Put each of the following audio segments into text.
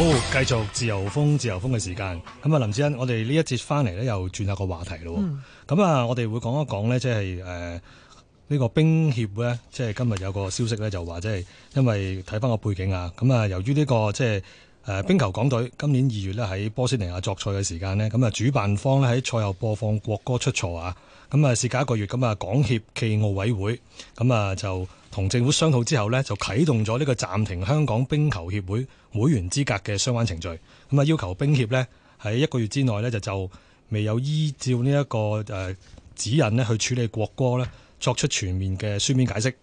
好，繼續自由風自由風嘅時間。咁啊，林志恩，我哋呢一節翻嚟咧，又轉下個話題咯。咁啊、嗯嗯，我哋會講一講呢，即係誒呢個冰協咧，即、就、係、是、今日有個消息咧，就話即係因為睇翻個背景啊。咁、嗯、啊，由於呢、這個即係誒冰球港隊今年二月咧喺波斯尼亞作賽嘅時間呢，咁、嗯、啊主辦方咧喺賽後播放國歌出錯啊。咁啊，事、嗯、隔一個月，咁啊港協暨奧委會咁啊、嗯、就同政府商討之後呢，就啟動咗呢個暫停香港冰球協會。會員資格嘅相關程序，咁啊要求冰協咧喺一個月之內咧就就未有依照呢一個誒指引咧去處理國歌咧作出全面嘅書面解釋，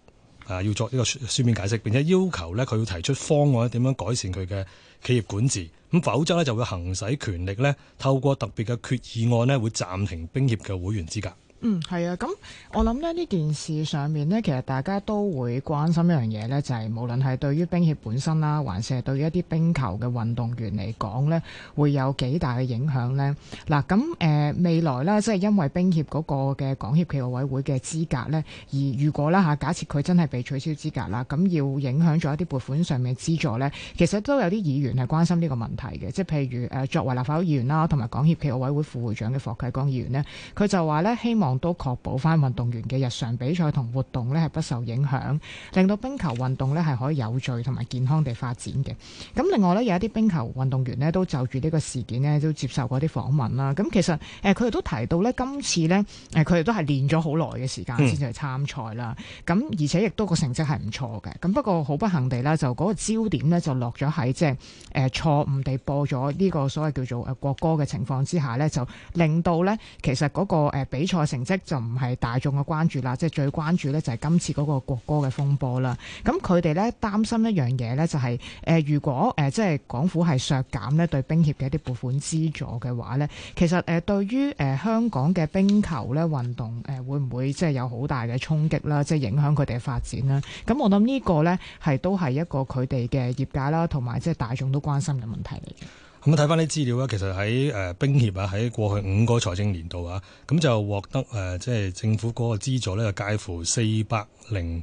啊要作呢個書面解釋，並且要求咧佢要提出方案點樣改善佢嘅企業管治，咁否則咧就會行使權力咧透過特別嘅決議案咧會暫停冰協嘅會員資格。嗯，係啊，咁我諗咧，呢件事上面咧，其實大家都會關心一樣嘢咧，就係、是、無論係對於冰協本身啦，還是係對於一啲冰球嘅運動員嚟講咧，會有幾大嘅影響咧。嗱，咁誒、呃、未來咧，即係因為冰協嗰個嘅港協暨奧委會嘅資格咧，而如果啦吓，假設佢真係被取消資格啦，咁要影響咗一啲撥款上面嘅資助咧，其實都有啲議員係關心呢個問題嘅，即係譬如誒、呃、作為立法會議員啦，同埋港協暨奧委會副會，副會長嘅霍啟剛議員咧，佢就話咧希望呢，希望都確保翻運動員嘅日常比賽同活動咧係不受影響，令到冰球運動咧係可以有序同埋健康地發展嘅。咁另外咧，有一啲冰球運動員呢都就住呢個事件呢都接受過啲訪問啦。咁其實誒佢哋都提到咧，今次呢，誒佢哋都係練咗好耐嘅時間先至去參賽啦。咁、嗯、而且亦都個成績係唔錯嘅。咁不過好不幸地啦，就嗰個焦點呢就落咗喺即係誒錯誤地播咗呢個所謂叫做誒國歌嘅情況之下呢，就令到呢其實嗰個誒比賽成成績就唔係大眾嘅關注啦，即係最關注咧就係今次嗰個國歌嘅風波啦。咁佢哋咧擔心一樣嘢咧就係、是，誒、呃、如果誒、呃、即係港府係削減咧對冰協嘅一啲撥款資助嘅話咧，其實誒、呃、對於誒、呃、香港嘅冰球咧運動誒會唔會即係有好大嘅衝擊啦，即係影響佢哋嘅發展啦？咁、嗯嗯、我諗呢個咧係都係一個佢哋嘅業界啦，同埋即係大眾都關心嘅問題嚟嘅。咁睇翻啲資料咧，其實喺誒冰協啊，喺過去五個財政年度啊，咁就獲得誒即係政府嗰個資助咧，就介乎四百零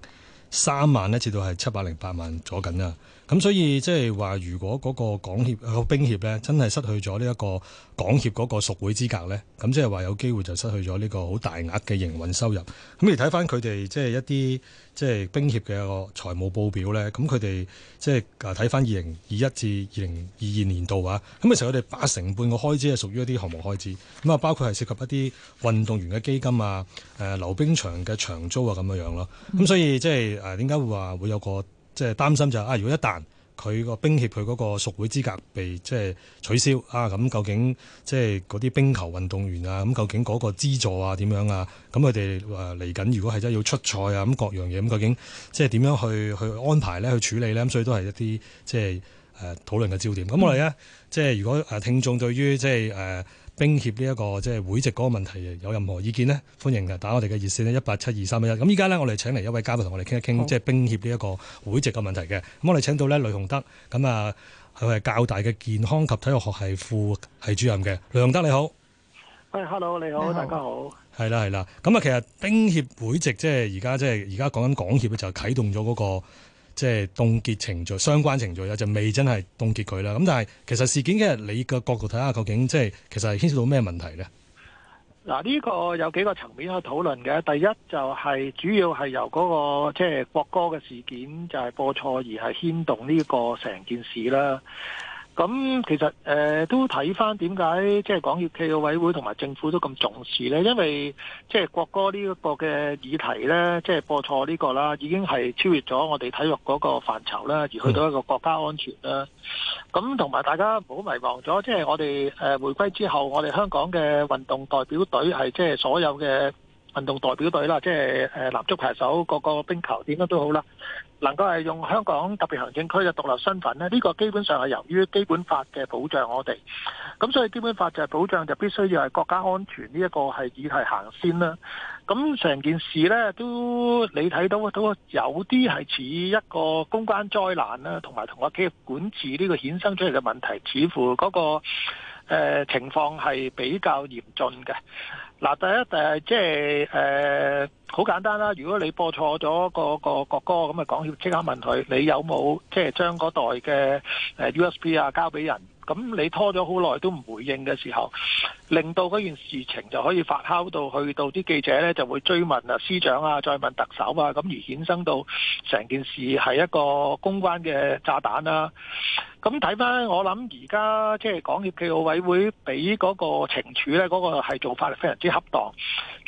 三萬咧，至到係七百零八萬左緊啊。咁所以即係話，如果嗰個港協、個冰協咧，真係失去咗呢一個港協嗰個屬會資格咧，咁即係話有機會就失去咗呢個好大額嘅營運收入。咁你睇翻佢哋即係一啲即係冰協嘅一個財務報表咧，咁佢哋即係誒睇翻二零二一至二零二二年度啊，咁其實我哋八成半嘅開支係屬於一啲項目開支，咁啊包括係涉及一啲運動員嘅基金啊、誒、呃、溜冰場嘅長租啊咁樣樣咯。咁所以即係誒點解會話會有個。即係擔心就係、是、啊！如果一旦佢個冰協佢嗰個屬會資格被即係、就是、取消啊，咁究竟即係嗰啲冰球運動員啊，咁究竟嗰個資助啊點樣啊？咁佢哋誒嚟緊，如果係真係要出賽啊，咁各樣嘢咁究竟即係點樣去去安排咧？去處理咧？咁所以都係一啲即係誒討論嘅焦點。咁、嗯、我哋咧，即、就、係、是、如果誒聽眾對於即係誒，就是呃冰協呢、這、一個即係、就是、會籍嗰個問題，有任何意見呢？歡迎嚟打我哋嘅熱線咧，一八七二三一一。咁依家呢，我哋請嚟一位嘉賓同我哋傾一傾，即係冰協呢一個會籍嘅問題嘅。咁我哋請到呢，雷雄德。咁啊，佢係教大嘅健康及體育學系副系主任嘅。雷雄德你好。誒，hello，你好，你好，大家好。係啦，係啦。咁啊，其實冰協會籍即係而家即係而家講緊港協就係、是、啟動咗嗰、那個。即係凍結程序，相關程序咧就未真係凍結佢啦。咁但係其實事件嘅你個角度睇下，究竟即係其實係牽涉到咩問題呢？嗱，呢個有幾個層面去討論嘅。第一就係主要係由嗰個即係國歌嘅事件就係播錯而係牽動呢個成件事啦。咁、嗯、其實誒、呃、都睇翻點解即係港協暨奧委會同埋政府都咁重視咧，因為即係國歌呢一個嘅議題咧，即、就、係、是、播錯呢個啦，已經係超越咗我哋體育嗰個範疇啦，而去到一個國家安全啦。咁同埋大家唔好迷惘咗，即、就、係、是、我哋誒回歸之後，我哋香港嘅運動代表隊係即係所有嘅。運動代表隊啦，即係誒，籃足排手，個個冰球點樣都好啦，能夠係用香港特別行政區嘅獨立身份咧，呢個基本上係由於基本法嘅保障我哋。咁所以基本法就係保障，就必須要係國家安全呢一個係議題行先啦。咁成件事呢，都你睇到都有啲係似一個公關災難啦，同埋同個企業管治呢個衍生出嚟嘅問題，似乎嗰個，呃，情況係比較嚴峻嘅。嗱，第一誒，即係誒，好、呃、簡單啦。如果你播錯咗、嗰個、嗰個國、嗰個、歌，咁咪講要即刻問佢，你有冇即係將嗰代嘅誒 USB 啊交俾人？咁你拖咗好耐都唔回應嘅時候，令到嗰件事情就可以發酵到去到啲記者咧就會追問啊司長啊再問特首啊咁而衍生到成件事係一個公關嘅炸彈啦、啊。咁睇翻我諗而家即係港協暨奧委會俾嗰個懲處咧嗰、那個係做法係非常之恰當，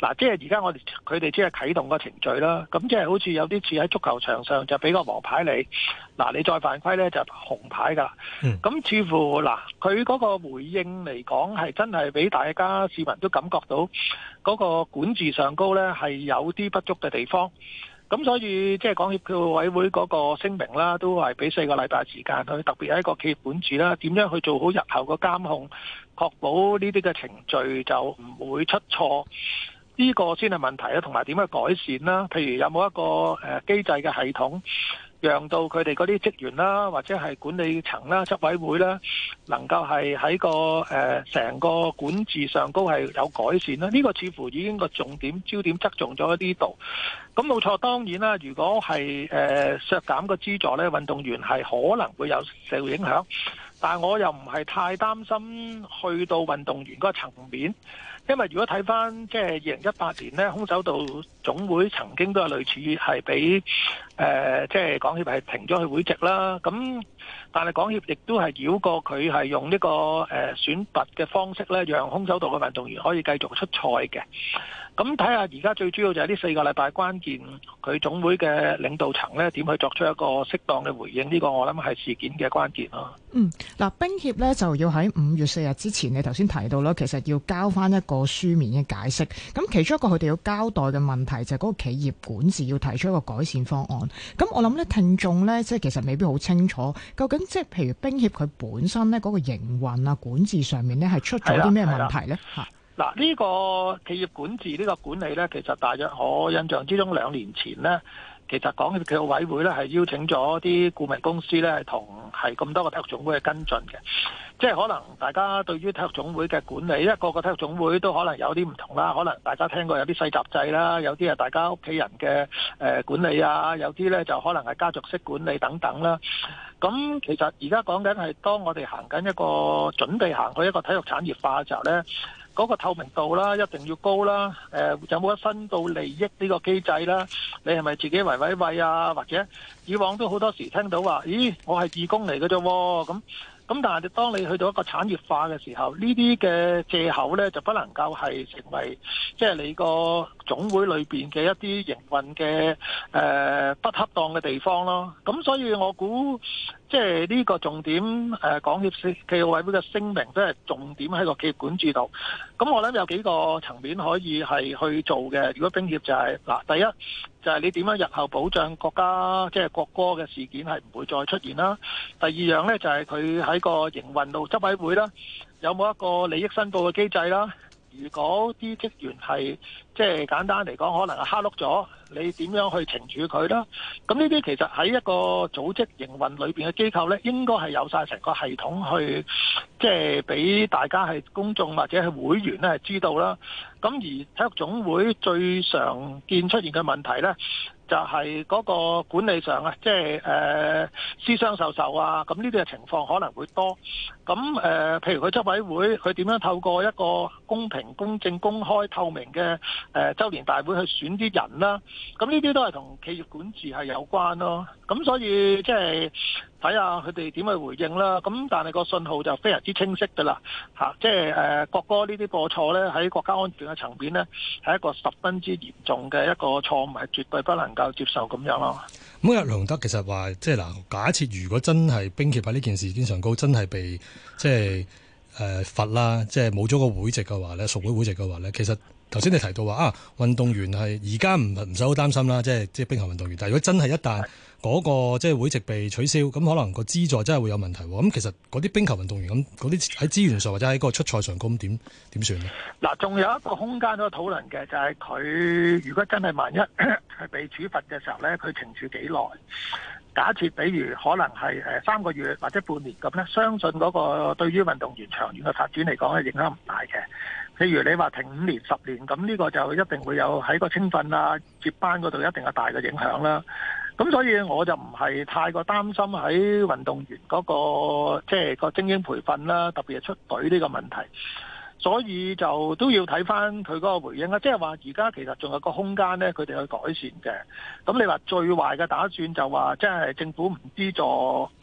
嗱、啊，即係而家我哋佢哋即係啟動個程序啦。咁即係好似有啲似喺足球場上就俾個黃牌你，嗱、啊、你再犯規咧就是、紅牌㗎。咁、嗯、似乎嗱佢嗰個回應嚟講係真係俾。大家市民都感覺到嗰個管治上高咧係有啲不足嘅地方，咁所以即係港協暨奧委會嗰個聲明啦，都係俾四個禮拜時間去，特別係一個企業管治啦，點樣去做好日後個監控，確保呢啲嘅程序就唔會出錯呢個先係問題啦，同埋點樣改善啦，譬如有冇一個誒機制嘅系統。讓到佢哋嗰啲職員啦，或者係管理層啦、執委會啦，能夠係喺個誒成個管治上高係有改善啦。呢個似乎已經個重點焦點側重咗喺呢度。咁冇錯，當然啦，如果係誒削減個資助咧，運動員係可能會有社會影響。但係我又唔係太擔心去到運動員嗰個層面，因為如果睇翻即係二零一八年呢，空手道總會曾經都係類似係俾誒即係港協係停咗佢會籍啦。咁但係港協亦都係繞過佢係用呢個誒、呃、選拔嘅方式呢，讓空手道嘅運動員可以繼續出賽嘅。咁睇下而家最主要就係呢四個禮拜關鍵，佢總會嘅領導層咧點去作出一個適當嘅回應呢、呢個我諗係事件嘅關鍵咯。嗯，嗱、呃，冰協咧就要喺五月四日之前，你頭先提到啦，其實要交翻一個書面嘅解釋。咁其中一個佢哋要交代嘅問題就係嗰個企業管治，要提出一個改善方案。咁我諗咧，聽眾咧即係其實未必好清楚，究竟即係譬如冰協佢本身咧嗰、嗰個營運啊、管治上面咧係出咗啲咩問題咧吓。嗱，呢個企業管治呢個管理呢，其實大約我印象之中兩年前呢，其實講嘅企業委會呢，係邀請咗啲顧問公司呢，係同係咁多個體育總會去跟進嘅。即係可能大家對於體育總會嘅管理，因為個個體育總會都可能有啲唔同啦。可能大家聽過有啲世襲制啦，有啲係大家屋企人嘅誒管理啊，有啲呢就可能係家族式管理等等啦。咁其實而家講緊係當我哋行緊一個準備行去一個體育產業化嘅時候呢。嗰個透明度啦，一定要高啦。誒、呃，有冇分到利益呢個機制啦？你係咪自己圍威喂啊？或者以往都好多時聽到話，咦，我係義工嚟嘅啫喎。咁、嗯、咁、嗯，但係當你去到一個產業化嘅時候，呢啲嘅藉口呢，就不能夠係成為即係、就是、你個總會裏邊嘅一啲營運嘅誒、呃、不恰當嘅地方咯。咁、嗯、所以我估。即係呢個重點，誒、呃，港協暨奧委會嘅聲明，都係重點喺個企業管治度。咁、嗯、我諗有幾個層面可以係去做嘅。如果冰協就係、是、嗱，第一就係、是、你點樣日後保障國家即係國歌嘅事件係唔會再出現啦。第二樣呢，就係佢喺個營運路執委會啦，有冇一個利益申報嘅機制啦？如果啲職員係即係簡單嚟講，可能係黑碌咗，你點樣去懲處佢啦？咁呢啲其實喺一個組織營運裏邊嘅機構呢，應該係有晒成個系統去即係俾大家係公眾或者係會員咧係知道啦。咁而體育總會最常見出現嘅問題呢，就係嗰個管理上啊，即係誒誒，私相授受啊，咁呢啲嘅情況可能會多。咁誒、呃，譬如佢執委會，佢點樣透過一個公平、公正、公開、透明嘅誒周年大會去選啲人啦？咁呢啲都係同企業管治係有關咯。咁所以即係睇下佢哋點去回應啦。咁但係個信號就非常之清晰噶啦，嚇、啊！即係誒國歌呢啲過錯咧，喺國家安全嘅層面咧，係一個十分之嚴重嘅一個錯誤，係絕對不能。夠接受咁樣咯。咁阿雄德其實話，即係嗱，假設如果真係冰協喺呢件事情上高，真係被即係誒罰啦，即係冇咗個會籍嘅話咧，屬會會籍嘅話咧，其實。頭先你提到話啊，運動員係而家唔唔使好擔心啦，即係即係冰球運動員。但係如果真係一旦嗰個即係會籍被取消，咁可能個資助真係會有問題。咁、嗯、其實嗰啲冰球運動員咁，嗰啲喺資源上或者喺嗰個出賽上咁，點點算咧？嗱，仲有一個空間都可以討論嘅，就係、是、佢如果真係萬一係被處罰嘅時候咧，佢懲處幾耐？假設比如可能係誒三個月或者半年咁咧，相信嗰個對於運動員長遠嘅發展嚟講，係影響唔大嘅。譬如你話停五年十年，咁呢個就一定會有喺個青訓啊、接班嗰度一定有大嘅影響啦。咁所以我就唔係太過擔心喺運動員嗰、嗰個即係、即係、個精英培訓啦，特別係出隊呢個問題。所以就都要睇翻佢嗰個回應啦。即係話而家其實仲有個空間咧，佢哋去改善嘅。咁你話最壞嘅打算就話，即、即、係、係、政府唔資助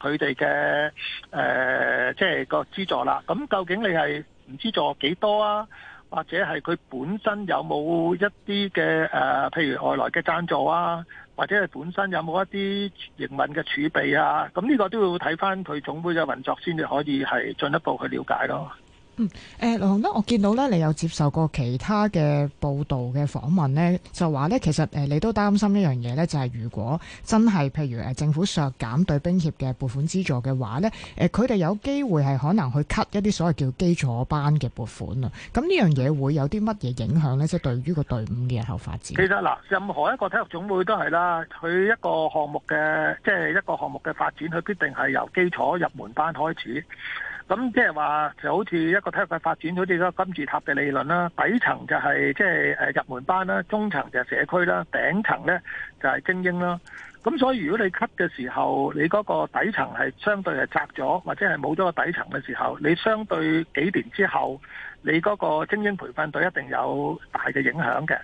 佢哋嘅誒，即、呃、係、即係、個資助啦。咁究竟你係？唔知做幾多啊，或者係佢本身有冇一啲嘅誒，譬如外來嘅贊助啊，或者係本身有冇一啲營運嘅儲備啊，咁呢個都要睇翻佢總會嘅運作先至可以係進一步去了解咯。嗯，誒、呃，雷雄德，我見到咧，你有接受過其他嘅報道嘅訪問咧，就話咧，其實誒、呃，你都擔心一樣嘢咧，就係、是、如果真係譬如誒政府削減對冰協嘅撥款資助嘅話咧，誒、呃，佢哋有機會係可能去 cut 一啲所謂叫基礎班嘅撥款啊。咁呢樣嘢會有啲乜嘢影響咧？即、就、係、是、對於個隊伍嘅日後發展。其實嗱、呃，任何一個體育總會都係啦，佢一個項目嘅，即係一個項目嘅發展，佢必定係由基礎入門班開始。咁即係話就好似一個體育嘅發展，好似嗰個金字塔嘅理論啦。底層就係即係誒入門班啦，中層就係社區啦，頂層咧就係精英啦。咁所以如果你 cut 嘅時候，你嗰個底層係相對係窄咗，或者係冇咗個底層嘅時候，你相對幾年之後，你嗰個精英培訓隊一定有大嘅影響嘅。的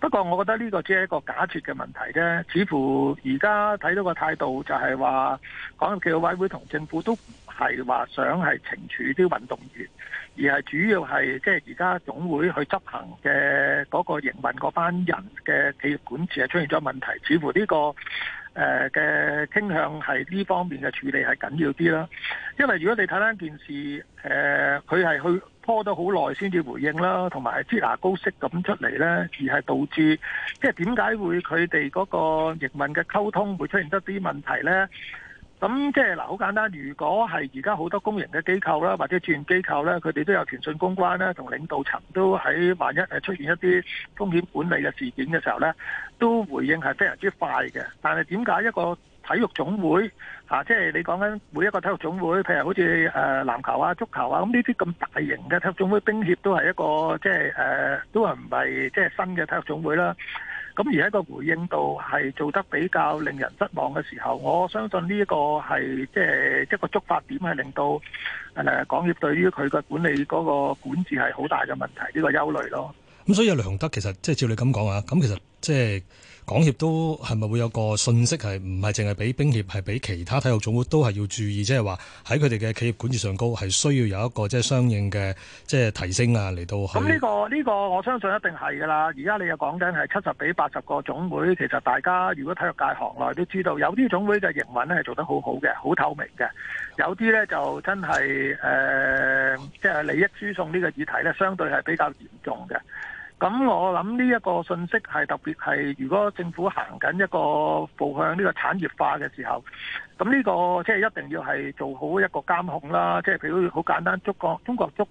不過我覺得呢個只係一個假設嘅問題啫。似乎而家睇到個態度就係話，港協暨奧委會同政府都。係話想係懲處啲運動員，而係主要係即係而家總會去執行嘅嗰個營運嗰班人嘅企業管治係出現咗問題。似乎呢、呢個誒嘅、呃、傾向係呢方面嘅處理係緊要啲啦。因為如果你睇翻件事，誒佢係去拖咗好耐先至回應啦，同埋唧牙膏式咁出嚟咧，而係導致即係點解會佢哋嗰個營運嘅溝通會出現得啲問題咧？咁即係嗱，好簡單。如果係而家好多公營嘅機構啦，或者志願機構咧，佢哋都有傳訊公關啦，同領導層都喺，萬一係出現一啲風險管理嘅事件嘅時候咧，都回應係非常之快嘅。但係點解一個體育總會嚇，即、啊、係、就是、你講緊每一個體育總會，譬如好似誒籃球啊、足球啊，咁呢啲咁大型嘅體育總會，冰協都係一個即係誒，都係唔係即係新嘅體育總會啦？咁而喺個回應度係做得比較令人失望嘅時候，我相信呢一個係即係一個觸發點，係令到誒港協對於佢嘅管理嗰個管治係好大嘅問題，呢、這個憂慮咯。咁、嗯、所以雷雄德其實即係照你咁講啊，咁其實即係。港協都係咪會有個信息係唔係淨係俾冰協，係俾其他體育總會都係要注意，即係話喺佢哋嘅企業管治上高，係需要有一個即係相應嘅即係提升啊嚟到。咁呢、呢個呢、呢個我相信一定係噶啦。而家你又講緊係七十比八十個總會，其實大家如果體育界行內都知道，有啲總會嘅營運咧係做得好好嘅，好透明嘅；有啲咧就真係誒，即、呃、係、就是、利益輸送呢個議題咧，相對係比較嚴重嘅。咁我諗呢一個信息係特別係，如果政府行緊一個步向呢個產業化嘅時候，咁呢個即係一定要係做好一個監控啦，即係譬如好簡單，中國中國足。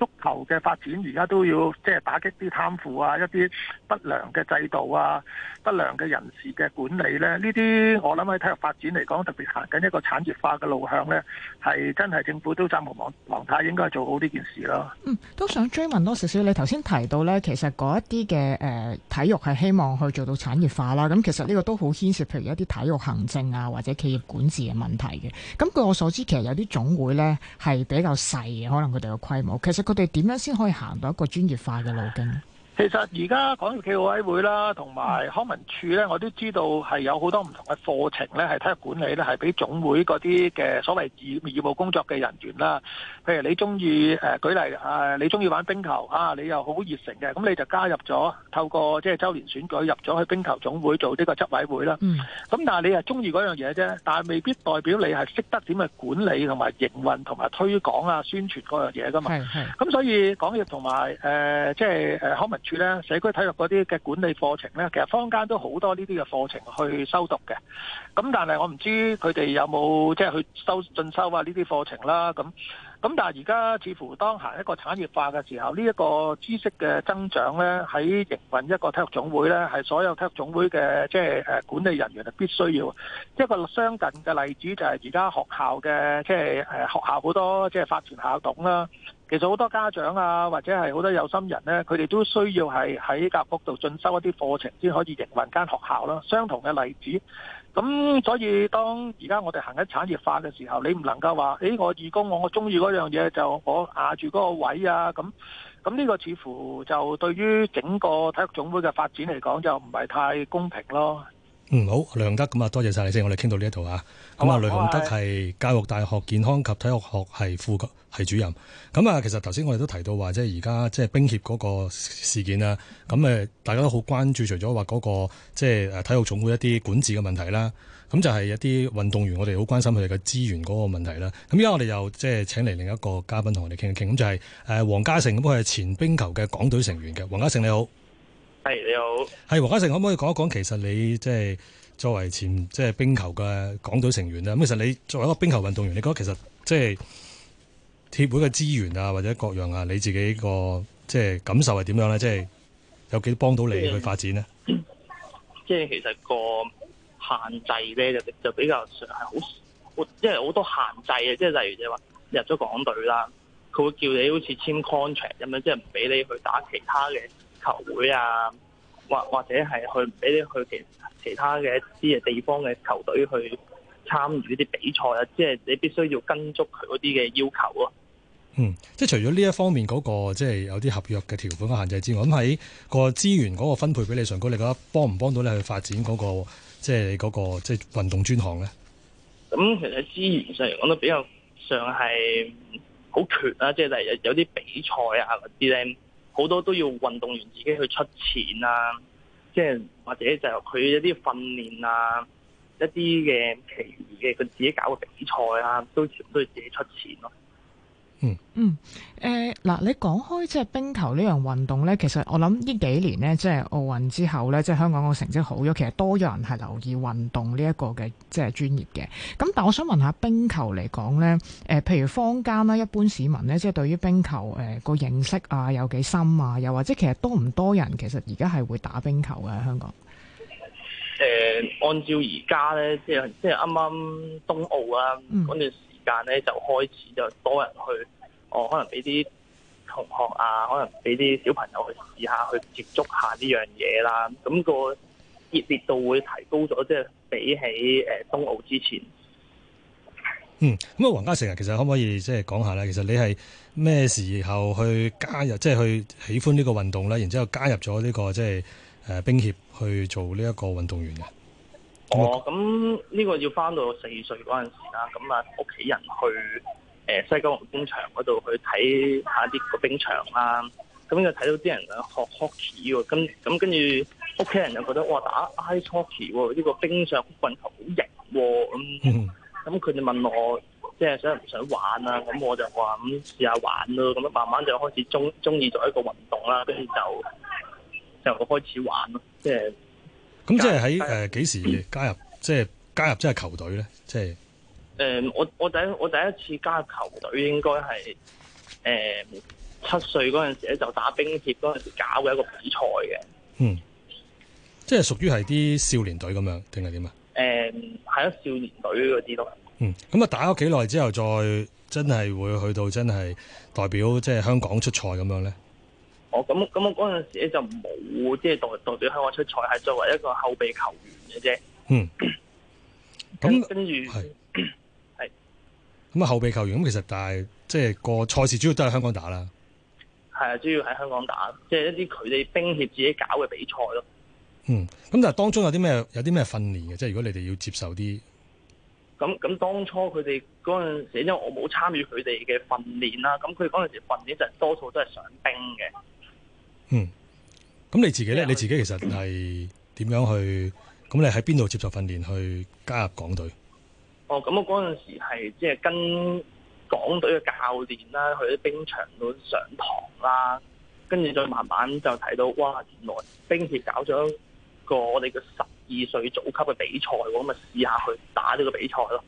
足球嘅發展而家都要即係打擊啲貪腐啊，一啲不良嘅制度啊，不良嘅人事嘅管理咧，呢啲我諗喺體育發展嚟講，特別行緊一個產業化嘅路向咧，係真係政府都責無旁旁貸，應該做好呢件事咯。嗯，都想追問多少少，你頭先提到咧，其實嗰一啲嘅誒體育係希望去做到產業化啦。咁其實呢個都好牽涉，譬如一啲體育行政啊，或者企業管治嘅問題嘅。咁據我所知，其實有啲總會咧係比較細嘅，可能佢哋嘅規模，其實。我哋點樣先可以行到一個專業化嘅路徑？其實而家港協暨奧委會啦，同埋康文署咧，我都知道係有好多唔同嘅課程咧，係體育管理咧，係俾總會嗰啲嘅所謂義務工作嘅人員啦。譬如你中意誒，舉例啊，你中意玩冰球啊，你又好熱誠嘅，咁你就加入咗，透過即係周年選舉入咗去冰球總會做呢個執委會啦。咁但係你係中意嗰樣嘢啫，但係未必代表你係識得點去管理同埋營運同埋推廣啊宣傳嗰樣嘢㗎嘛。咁所以港協同埋誒即係誒康文，社區體育嗰啲嘅管理課程呢，其實坊間都好多呢啲嘅課程去修讀嘅，咁但係我唔知佢哋有冇即係去修進修啊呢啲課程啦，咁咁但係而家似乎當行一個產業化嘅時候，呢、這、一個知識嘅增長呢，喺營運一個體育總會呢，係所有體育總會嘅即係誒管理人員係必須要一個相近嘅例子就，就係而家學校嘅即係誒學校好多即係、就是、發展校董啦。其實好多家長啊，或者係好多有心人呢，佢哋都需要係喺教育局度進修一啲課程，先可以營運間學校啦。相同嘅例子，咁所以當而家我哋行緊產業化嘅時候，你唔能夠話，誒、欸、我義工我我中意嗰樣嘢就我壓住嗰個位啊，咁咁呢個似乎就對於整個體育總會嘅發展嚟講，就唔係太公平咯。嗯，好，雷雄德咁啊，多謝晒你先我，我哋傾到呢一度啊。咁啊，雷雄德係教育大學健康及體育學系副系主任。咁啊，其實頭先我哋都提到話，即係而家即係冰協嗰個事件啦。咁誒，大家都好關注，除咗話嗰個即係誒體育總會一啲管治嘅問題啦。咁就係、是、一啲運動員，我哋好關心佢哋嘅資源嗰個問題啦。咁而家我哋又即係請嚟另一個嘉賓同我哋傾一傾。咁就係誒黃家盛，咁佢係前冰球嘅港隊成員嘅。黃家盛你好。係、hey, 你好，係黃家盛，可唔可以講一講？其實你即係作為前即係冰球嘅港隊成員啦。咁其實你作為一個冰球運動員，你覺得其實即係協會嘅資源啊，或者各樣啊，你自己個即係感受係點樣咧？即係有幾多幫到你去發展呢？嗯、即係其實個限制咧，就比就比較係好，即係好多限制啊。即係例如你話入咗港隊啦，佢會叫你好似簽 contract 咁樣，即係唔俾你去打其他嘅。球會啊，或或者係去俾你去其其他嘅一啲嘅地方嘅球隊去參與呢啲比賽啊，即係你必須要跟足佢嗰啲嘅要求咯、啊。嗯，即係除咗呢一方面嗰、嗰個即係有啲合約嘅條款嘅限制之外，咁、嗯、喺個資源嗰個分配俾你，上高，你覺得幫唔幫到你去發展嗰、嗰個即係你嗰、嗰個即係運動專項咧？咁、嗯、其實資源上嚟講都比較上係好缺啊，即係例如有啲比賽啊嗰啲咧。或者好多都要運動員自己去出錢啊，即係或者就係佢一啲訓練啊，一啲嘅其餘嘅佢自己搞嘅比賽啊，都全部都要自己出錢咯、啊。嗯嗯，誒嗱，你講開即係冰球呢樣運動呢，其實我諗呢幾年呢，即係奧運之後呢，即係香港個成績好咗，其實多咗人係留意運動呢一個嘅即係專業嘅。咁但我想問下冰球嚟講呢，誒，譬如坊間啦，一般市民呢，即係對於冰球誒個認識啊，有幾深啊？又或者其實多唔多人其實而家係會打冰球嘅香港？誒，按照而家呢，即係即係啱啱冬奧啊，嗰段、嗯。間咧就開始就多人去，哦，可能俾啲同學啊，可能俾啲小朋友去試下去接觸下呢樣嘢啦，咁個熱烈度會提高咗，即係比起誒冬奧之前。嗯，咁啊，黃家盛啊，其實可唔可以即係講下咧？其實你係咩時候去加入，即係去喜歡呢個運動咧？然之後加入咗呢個即係誒冰協去做呢一個運動員嘅。哦，咁呢、喔、個要翻到四歲嗰陣時啦，咁啊屋企人去誒、欸、西九龍冰場嗰度去睇下啲個冰場啦，啊，咁就睇到啲人學啊學 hockey 喎，咁咁跟住屋企人又覺得哇打 ice hockey 喎，啊、呢、這個冰上棍球好型喎，咁咁佢哋問我即係想唔想玩啊？咁我就話咁試下玩咯，啊，咁慢慢就開始中中意咗一個運動啦，啊，跟住就就開始玩咯，即係。咁即係喺誒，幾時加入？即係加入即係球隊咧？即係誒，我我第一我第一次加入球隊應該係誒七歲嗰陣時咧，就打冰協嗰陣時搞嘅一個比賽嘅。嗯，即係屬於係啲少年隊咁樣定係點啊？誒，係咯，少年隊嗰啲咯。嗯，咁啊，打咗幾耐之後，再真係會去到真係代表即係、就是、香港出賽咁樣咧？哦，咁咁我嗰陣時咧就冇，即係代代表香港出賽，係作為一個後備球員嘅啫、嗯。嗯，咁跟住係，係咁啊，後備球員咁其實但係即係個賽事主要都喺香港打啦。係啊，主要喺香港打，即、就、係、是、一啲佢哋冰協自己搞嘅比賽咯、嗯。嗯，咁但係當中有啲咩有啲咩訓練嘅？即係如果你哋要接受啲，咁咁、嗯嗯嗯、當初佢哋嗰陣時，因為我冇參與佢哋嘅訓練啦，咁佢哋嗰陣時訓練就多數都係上冰嘅。嗯，咁你自己咧？你自己其實係點樣去？咁你喺邊度接受訓練？去加入港隊？哦，咁我嗰陣時係即係跟港隊嘅教練啦，去啲冰場度上堂啦，跟住再慢慢就睇到哇，原來冰協搞咗個我哋嘅十二歲組級嘅比賽，咁咪試下去打呢個比賽咯。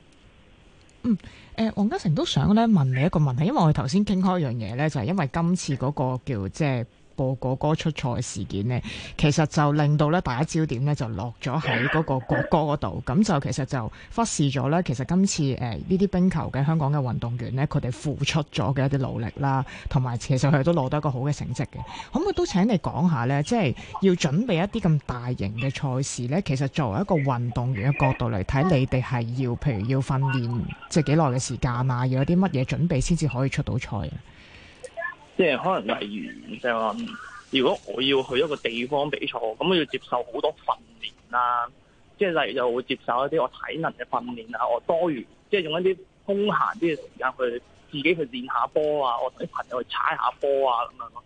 嗯，誒、呃，黃家盛都想咧問你一個問題，因為我哋頭先傾開一樣嘢咧，就係、是、因為今次嗰個叫即係。播國歌，歌出錯事件呢，其實就令到咧，大家焦點咧就落咗喺嗰個國歌嗰度，咁就、嗯、其實就忽視咗咧。其實今次誒呢啲冰球嘅香港嘅運動員咧，佢哋付出咗嘅一啲努力啦，同埋其實佢哋都攞到一個好嘅成績嘅。可唔可以都請你講下呢，即係要準備一啲咁大型嘅賽事呢。其實作為一個運動員嘅角度嚟睇，你哋係要譬如要訓練即係幾耐嘅時間啊，要有啲乜嘢準備先至可以出到賽啊？即係可能例如，即係話，如果我要去一個地方比賽，咁我要接受好多訓練啦。即係例如，就會接受一啲我體能嘅訓練啊。我多餘，即、就、係、是、用一啲空閒啲嘅時間去自己去練下波啊。我同啲朋友去踩下波啊咁樣咯。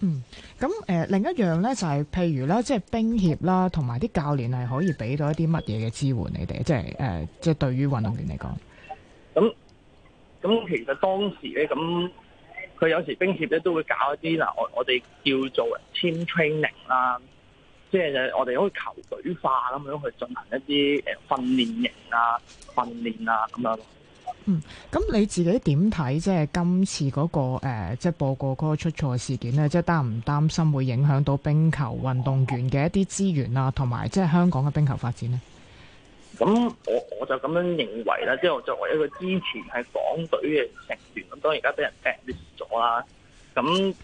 嗯，咁誒、呃，另一樣咧就係、是、譬如啦，即係冰協啦，同埋啲教練係可以俾到一啲乜嘢嘅支援你哋，即係誒、呃，即係對於運動員嚟講。咁，咁其實當時咧咁。佢有時冰協咧都會搞一啲嗱，我我哋叫做 team training 啦，即係我哋好似球隊化咁樣去進行一啲誒訓練營啊、訓練啊咁樣。嗯，咁你自己點睇即係今次嗰、那個誒、呃、即係播過嗰個出錯事件咧？即係擔唔擔心會影響到冰球運動員嘅一啲資源啊，同埋即係香港嘅冰球發展咧？咁我我就咁樣認為啦，即係作為一個之前係港隊嘅成員，咁當然而家俾人 delete 咗啦。咁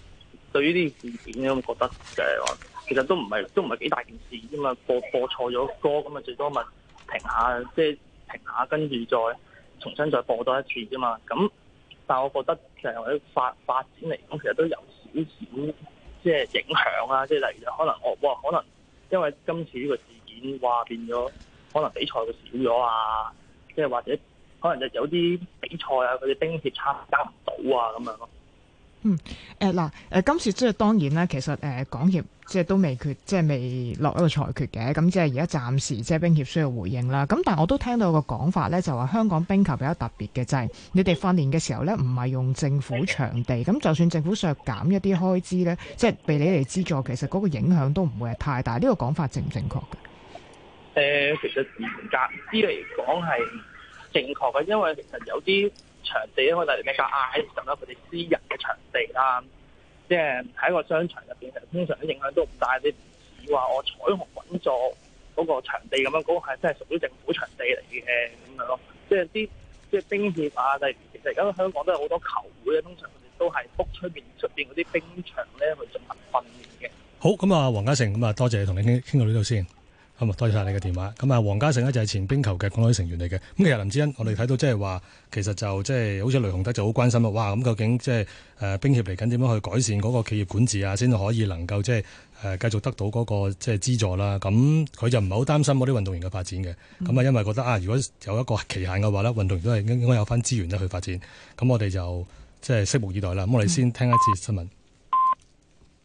對於呢件事件咧，我覺得誒、就係，其實都唔係都唔係幾大件事噶嘛，播播錯咗歌咁啊，最多咪停下，即係停下，跟住再重新再播多一次啫嘛。咁但係我覺得就喺發發展嚟講，其實都有少少即係影響啦。即係例如可能我哇、哦哦，可能因為今次呢個事件，話變咗。可能比賽會少咗啊，即係或者可能就有啲比賽啊，佢哋冰協參加唔到啊，咁樣咯。嗯，誒嗱，誒今次即係當然啦，其實誒港協即係都未決，即係未落一個裁決嘅，咁即係而家暫時即係冰協需要回應啦。咁但我都聽到個講法咧，就話香港冰球比較特別嘅，就係你哋訓練嘅時候咧，唔係用政府場地，咁就算政府削減一啲開支咧，即係被你哋資助，其實嗰個影響都唔會係太大。呢個講法正唔正確嘅？咧、呃，其實嚴格啲嚟講係正確嘅，因為其實有啲場地咧，我哋例如 Mega Ice 咁啦，佢哋私人嘅場地啦，即係喺個商場入邊，其實通常嘅影響都唔大。你話我彩虹滾座嗰個場地咁樣，嗰、嗰個係真係屬於政府場地嚟嘅咁樣咯。即係啲即係冰協啊，但其實而家香港都有好多球會咧，通常都係 book 出邊出邊嗰啲冰場咧去進行訓練嘅。好，咁啊，黃家盛咁啊，多謝同你傾傾到呢度先。好、嗯，多謝晒你嘅電話。咁啊，黃家盛咧就係前冰球嘅港隊成員嚟嘅。咁其實林志恩，我哋睇到即係話，其實就即係好似雷雄德就好關心咯。哇！咁究竟即係誒冰協嚟緊點樣去改善嗰個企業管治啊，先至可以能夠即係誒繼續得到嗰個即係資助啦、啊。咁、嗯、佢就唔係好擔心嗰啲運動員嘅發展嘅。咁啊，因為覺得啊，如果有一個期限嘅話咧，運動員都係應該有翻資源咧去發展。咁、嗯、我哋就即係、就是、拭目以待啦。咁我哋先聽一次新聞。嗯